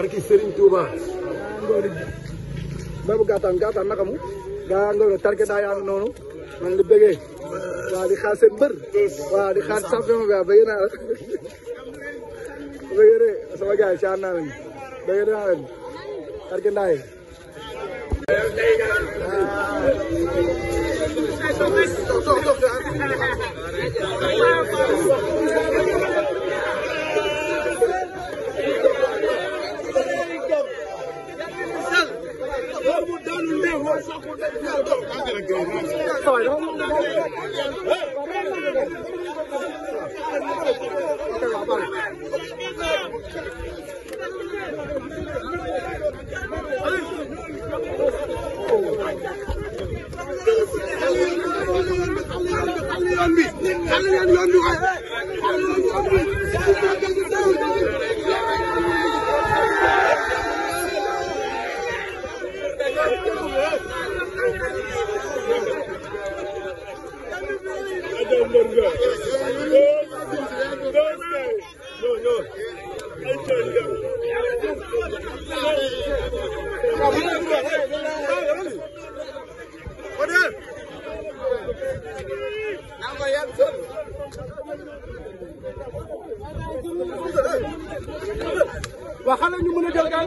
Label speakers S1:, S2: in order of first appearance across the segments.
S1: barki Serigne Touba.
S2: boobu gàttan gàttan naka mu. gaa ngóor tarke daa yaa noonu. man di waa di xaar seen waa di xaar champion bi bëgg naa la. bëgg de sama gars yi caar naa leen. bëgg yoon bi waa xanaa ñu mën a jël gaay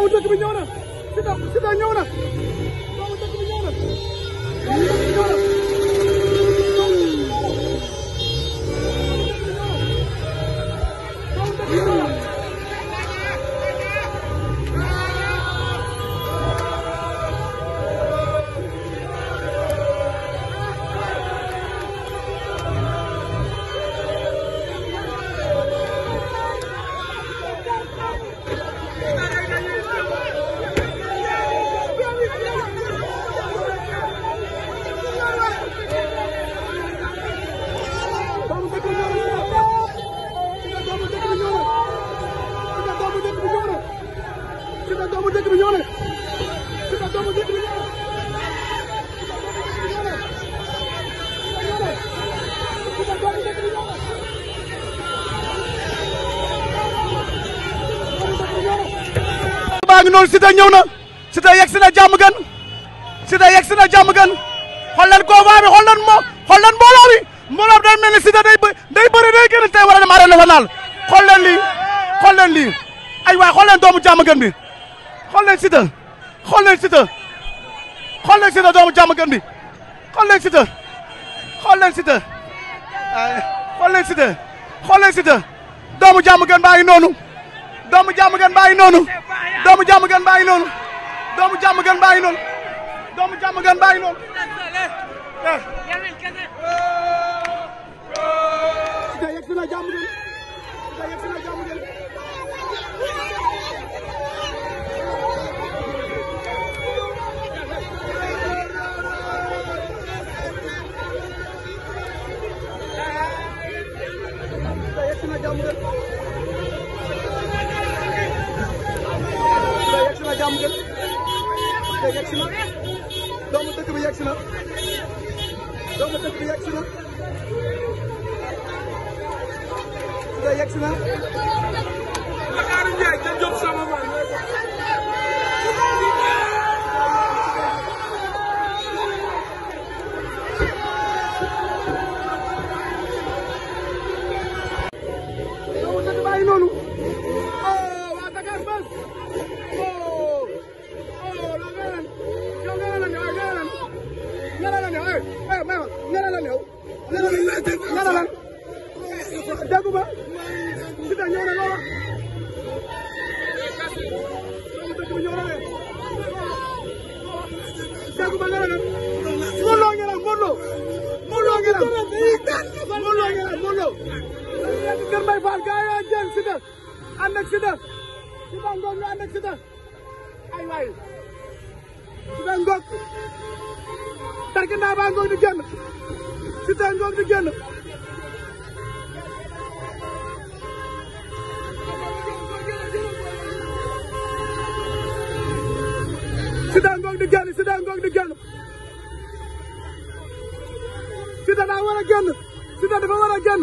S2: doomu dëkk bi ñëw na Siteu Siteu ñëw na doomu dëkk bi ñëw na doomu dëkk bi ñëw na baa ngi noonu Siteu ñëw na Siteu yegg si na jàmm gan Siteu yegg na jàmm gan xool leen convoi bi xool moo xool leen bi mbooloo bi day mel ni Siteu day day bëri day génn tey war a dem arène nationale xool leen lii xool doomu jàmm bi xool leen Siteu xool leen Siteu doomu jàmm bi xool leen Siteu xool doomu jàmm gan baa ngi doomu jàmm gën bàyyi noonu doomu jàmm gën bàyyi noonu doomu jàmm gën bàyyi noonu noonu jàmm gën te yegg si na doomu dëkk bi yegg si na doomu dëkk bi yegg si na te yegg si na. Ndakaaru Ndiaye te jóg sama maam nga ne lan déggu ma Siteu ñëw na loo wax déggu ma nga ne lan Modou Lo ngeen am Modou Lo Modou Lo ngeen am Modou Lo ngeen am Modou Lo Kër Mbaye Fall gaa yaa jël Siteu ànd ak Siteu Siteu ngoog ñu ànd ak Siteu ay waay Siteu ngoog tarki naa baa ngoog di génn Siteu ngoon di génn Siteu ngoon di génn Siteu ngoon di génn Siteu daa war a génn Siteu dafa war a génn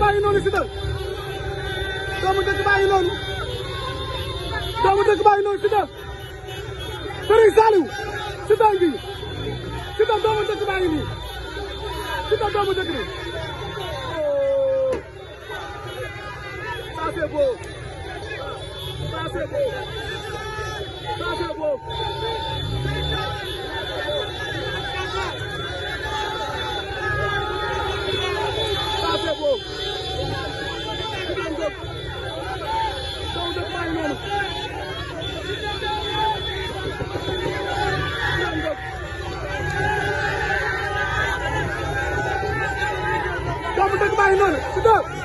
S2: baa ngi noonu Fidèle doomu dëkk baa ngi noonu doomu dëkk baa ngi noonu Fidèle Serigne doomu dëkk baa ngi nii Fidèle doomu dëkk bi ça c'est beau ça c'est beau ça c'est noonu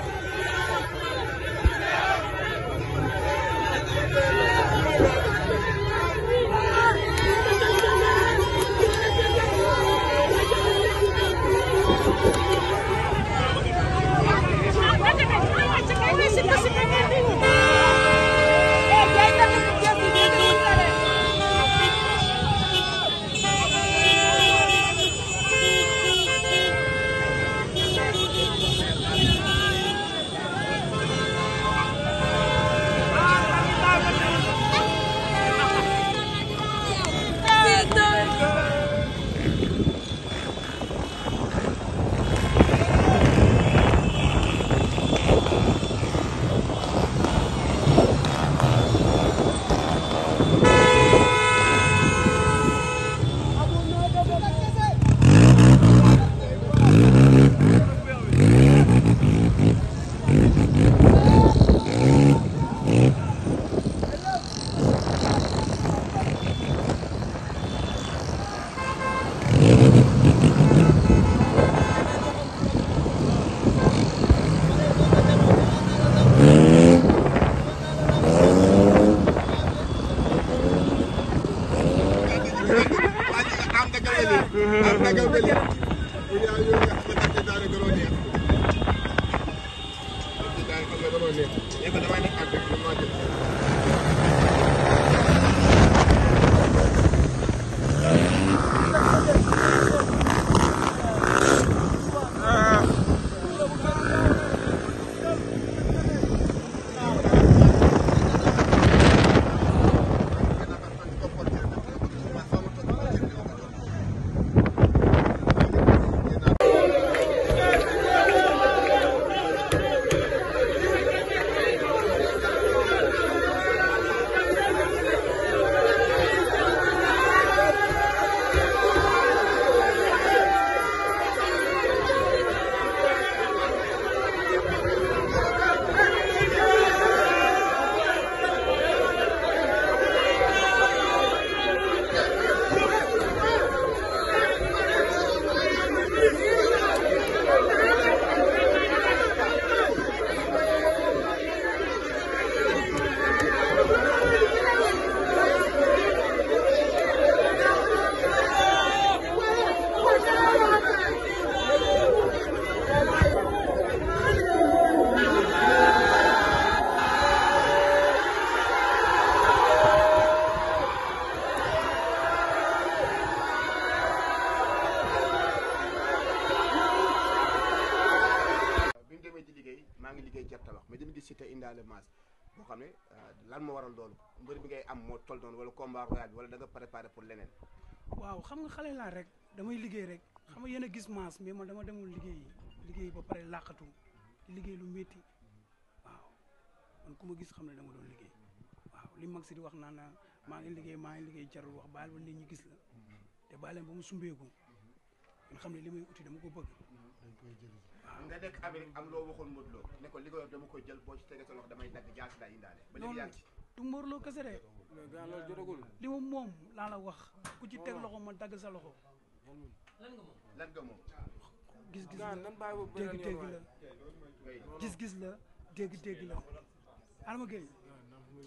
S3: maa ngi liggéey jar tabax mais dina gis Siteu indaale masse boo xam ne euh, lan moo waral loolu mbër bi ngay am moo tol noonu wala combat royal bi wala da nga préparé pour leneen.
S4: waaw xam nga xale laa rek damay liggéey rek xam nga yéen a gis masse mais man dama demul liggéey liggéey ba pare làqatu liggéey lu métti waaw ku ma gis xam ne dama doon liggéey waaw li mag si wax naan na maa ngi liggéey maa ngi liggéey jarul wax baal ba nit ñi gis la te baal leen ba mu sumbeeku nga xam ne li may uti dama ko bëgg.
S3: dañ koy jëli nga nekk Amérique am loo waxoon Modou Lo ne ko li nga dama koy jël boo ci tege sa loxo damay dagg jaasi daa indaale. ba léegi yaa ngi
S4: ci du Modou Lo kese de. li ma moom laa la wax. ku ci teg loxo ma dagg sa loxo.
S3: lan nga moom lan nga moom. gis-gis la dégg-dégg la gis-gis la dégg-dégg la. Adama Gueye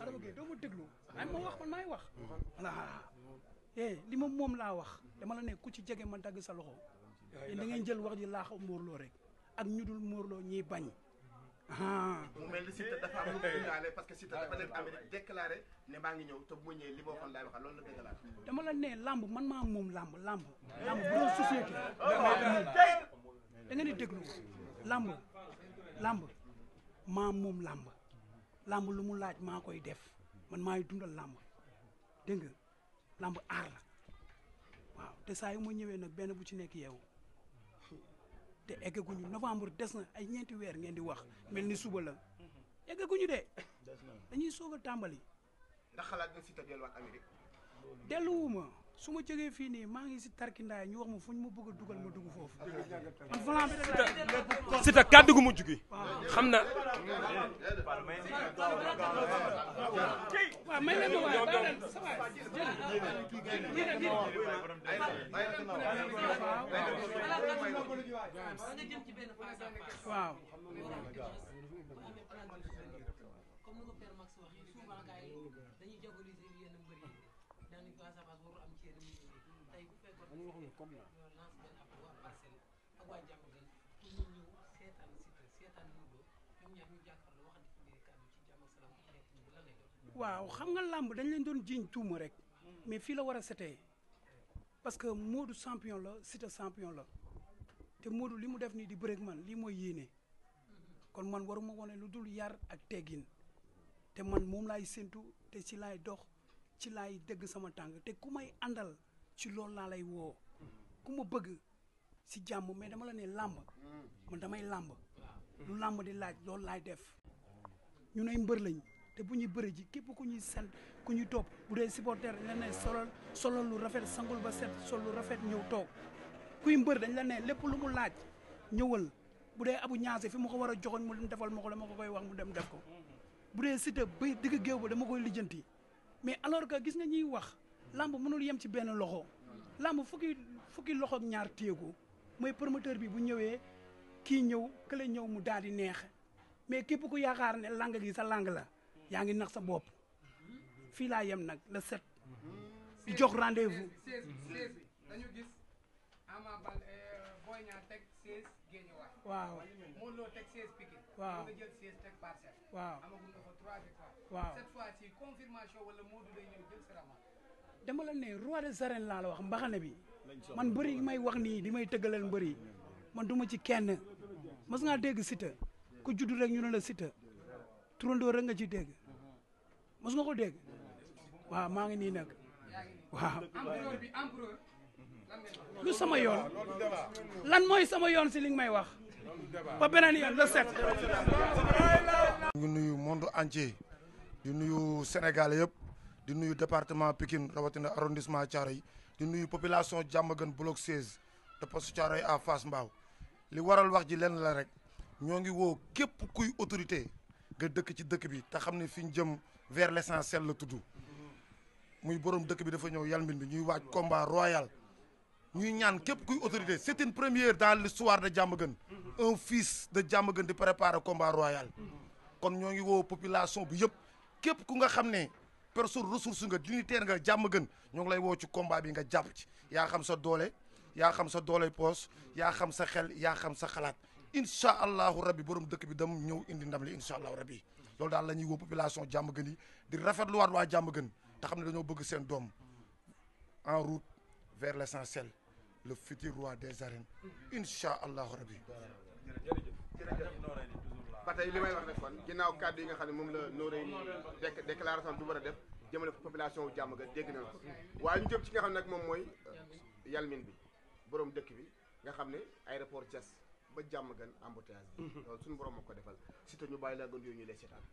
S3: Adama Gueye doo
S4: ma déglu. ay ma wax man maay wax. voilà. eh li ma moom laa wax. dama la ne ku ci jege ma dagg sa loxo. yéen da jël wax ji laa xaw Lo rek. ak ñu dul Mourlo
S3: ñuy bañ. Ah. mu parce que Siteu dafa nekk ngi ñëw te bu ma ñëwee ma la déclaré.
S4: dama la ne lamb man maa moom lamb lamb.
S3: lamb bu doon société.
S4: da nga ni déglu lamb lamb maa moom làmb làmb lu mu laaj maa koy def man maay dundal lamb dégg nga aar la waaw te saa yu ma ñëwee nag benn bu ci nekk yeewu. te eggaguñu novembre des na ay ñeenti weer ngeen di wax mel ni suba la eggaguñu de dañuy soog a tàmbali.
S3: ndax xalaat nga si ta delluwaat Amérique
S4: delluwuma su ma jógee fii nii maa ngi si tarki tarkindaay ñu wax ma fuñ ma bëgg a dugal ma dugg foofu. man volant bi rek laa si gu mujj gi. xam na.
S2: waaw may leen ma waay baax na sa waay waaw.
S1: waaw xam
S4: nga làmb dañ leen doon jiiñ tuuma rek hmm. mais fii la war a setee parce que Modou champion la Siteu sampion la te Modou li mu def nii di bëreeg man lii mooy yéene hmm. kon man waruma wone lu dul yar ak teggin te man moom laay séntu te si laay dox ci laay dégg sama tàng te ku may àndal ci lool laa lay woo ku ma bëgg si jàmm mais dama la ne làmb man damay làmb lu làmb di laaj loolu laay def ñu ne mbër lañ te bu ñuy bëri ji képp ku ñuy sant ku ñuy topp bu dee supporter dañ la ne solol lu rafet sangul ba set sol lu rafet ñëw toog kuy mbër dañ la ne lépp lu mu laaj ñëwal bu dee abu ñaase fi mu ko war a joxoon mu dem defal ma ko dama ko koy wax mu dem def ko bu dee sita ba digg géew ba dama koy lijjanti mais alors que gis nga ñuy wax làmb mënul yem ci benn loxo lamb fukki fukki loxo ak ñaar téego mooy promoteur bi bu ñëwee kii ñëw kële ñëw mu daal di neex mais képp ku yaakaar ne lang gi sa làng la yaa ngi nax sa bopp fii laa yem nag la sept di mm-hmm. jox rendez Boy Niang teg 16 Guédiawaye. waaw Modou waaw nga waaw amagum confirmation wala Modou la ne roi des arènes laa la wax mbaxane bi man bëri may wax nii li may tëggaleel mbëri man duma ci kenn mas ngaa dégg Siteu ku juddu rek ñu ne la Siteu turandoo rek nga ci dégg mas ko dégg waaw maa ngi nii nag waaw. lu sama yoon lan mooy sama yoon si li nga may wax ba beneen yoon le
S2: set
S1: ngi nuyu monde entier di nuyu Sénégal yëpp di nuyu département Pikine rawatina arrondissement yi di nuyu population Diamaguène bloc 16 te poste Thiaroye à Fass Mbao li waral wax ji lenn la rek ñoo ngi woo képp kuy autorité nga dëkk ci dëkk bi te xam ne fi ñu jëm vers l'essentiel la tudd muy borom dëkk bi dafa ñëw yalmin bi ñuy waaj combat royal ñuy ñaan képp kuy autorité c'est une première dans l'histoire de Diamaguène un fils de Diamaguène di préparer combat royal kon ñoo ngi woo population bi yëpp képp ku nga xam ne personne ressource nga dignitaire nga gën ñoo ngi lay woo ci combat bi nga jàpp ci yaa xam sa doole yaa xam sa doole poos yaa xam sa xel yaa xam sa xalaat incha allahu rabbi borom dëkk bi dam ñëw indi ndam li incha allahu rabbi loolu daal la ñuy woo population Diamaguène yi di rafetluwaat waa Diamaguène te xam ne dañoo bëgg seen doom en route vers l'essentiel le futur roi des arènes incha allahu rabi.
S3: ba li may wax rek kon ginnaaw kàddu yi nga xam ne moom la nooree nii dé déclaration du war a def jëmale ko population jàmm ga dégg na ko waaye ñu jëm ci nga xam ne nag moom mooy euh, yalmin bi borom dëkk bi nga xam ne aéroport Diass ba jàmm gan embouteillage bi. Mhm. loolu suñu borom moo ko defal surtout ñu bàyyi laa gën yooyu ñu lay seetaan.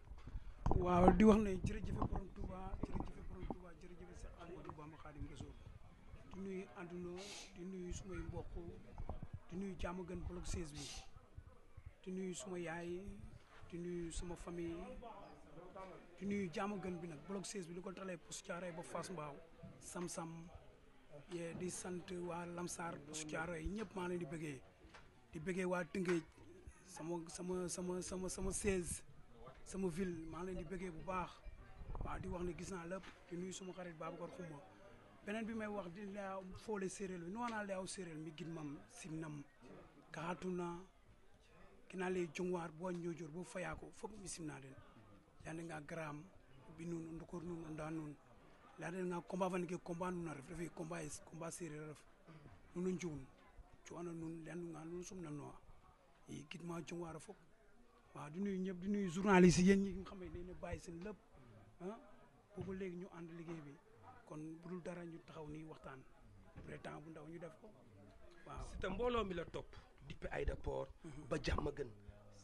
S3: di wax ne jërëjëf
S4: di nuyu àdduna di nuyu sumay mbokk di nuyu jàmm gën bloc 16 bi di nuyu suma yaay di nuyu suma famille di nuyu jàmm gën bi nag bloc 16 bi li ko talee Poste Thiaroye ba fas Mbao sam-sam yee di sant waa Lamsaar Poste yi ñëpp maa leen di bëggee di bëggee waa Tëngéej sama sama sama sama sama 16 sama ville maa leen di bëggee bu baax waaw di wax ne gis naa lépp di nuyu suma xarit Babacar Xuma beneen bi may wax di laya foole séeréer bi nuwana laya o séeréer mi gidmam simnam ka hatuna kina le jongwar bo ñojor bo fayako fop mi simna den yande nga gram bi nun ndokor nun nda nun laden nga combat van ke combat nun ref ref combat es combat séeréer ref nun njuun cuwana nun lendu nga nun sumna no yi gidma jongwar fop waaw di nuyu ñëpp di nuyu journaliste yéen ñi nga xam ne dañu bàyyi seen lépp ah boobu léegi ñu ànd liggéey bi kon bu dul dara ñu taxaw nii waxtaan vrai temps bu ndaw ñu def ko waaw. Siteu mbooloo mi la topp. dippe aéroport. Mhm. ba jàmm gën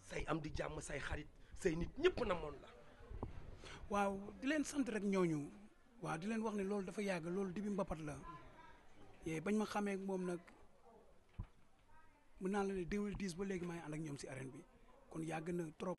S4: say am di jàmm say xarit say nit ñëpp namoon la. waaw di leen sant rek ñooñu. waaw di leen wax ne loolu dafa yàgg loolu di dibi mbapat la. yee bañ ma xamee moom nag mën naa la ne 2010 ba léegi maay ànd ak ñoom si arène bi kon yàgg na trop.